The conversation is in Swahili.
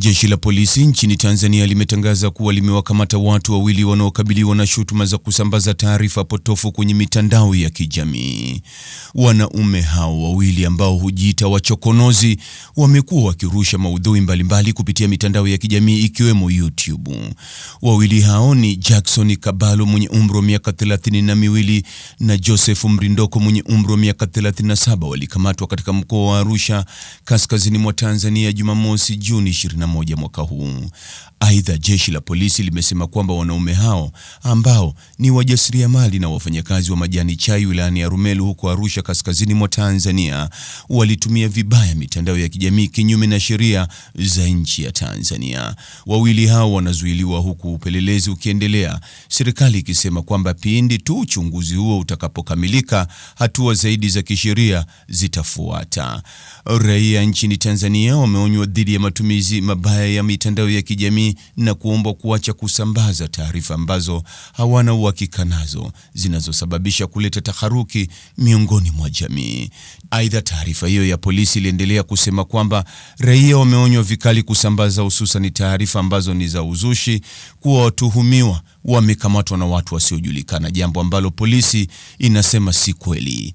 Jeshi la polisi nchini Tanzania limetangaza kuwa limewakamata watu wawili wanaokabiliwa na shutuma za kusambaza taarifa potofu kwenye mitandao ya kijamii. Wanaume hao wawili ambao hujiita wachokonozi wamekuwa wakirusha maudhui mbalimbali kupitia mitandao ya kijamii ikiwemo YouTube. Wawili hao ni Jackson Kabalo mwenye umri wa miaka thelathini na miwili na Joseph Mrindoko mwenye umri wa miaka 37 walikamatwa katika mkoa wa Arusha kaskazini mwa Tanzania Jumamosi Juni 20 moja mwaka huu. Aidha, jeshi la polisi limesema kwamba wanaume hao ambao ni wajasiriamali na wafanyakazi wa majani chai wilayani Arumeru huko Arusha kaskazini mwa Tanzania walitumia vibaya mitandao ya kijamii kinyume na sheria za nchi ya Tanzania. Wawili hao wanazuiliwa huku upelelezi ukiendelea, serikali ikisema kwamba pindi tu uchunguzi huo utakapokamilika, hatua zaidi za kisheria zitafuata. Raia nchini Tanzania wameonywa dhidi ya matumizi mabaya ya mitandao ya kijamii na kuombwa kuacha kusambaza taarifa ambazo hawana uhakika nazo zinazosababisha kuleta taharuki miongoni mwa jamii. Aidha, taarifa hiyo ya polisi iliendelea kusema kwamba raia wameonywa vikali kusambaza hususan taarifa ambazo ni za uzushi, kuwa watuhumiwa wamekamatwa na watu wasiojulikana, jambo ambalo polisi inasema si kweli.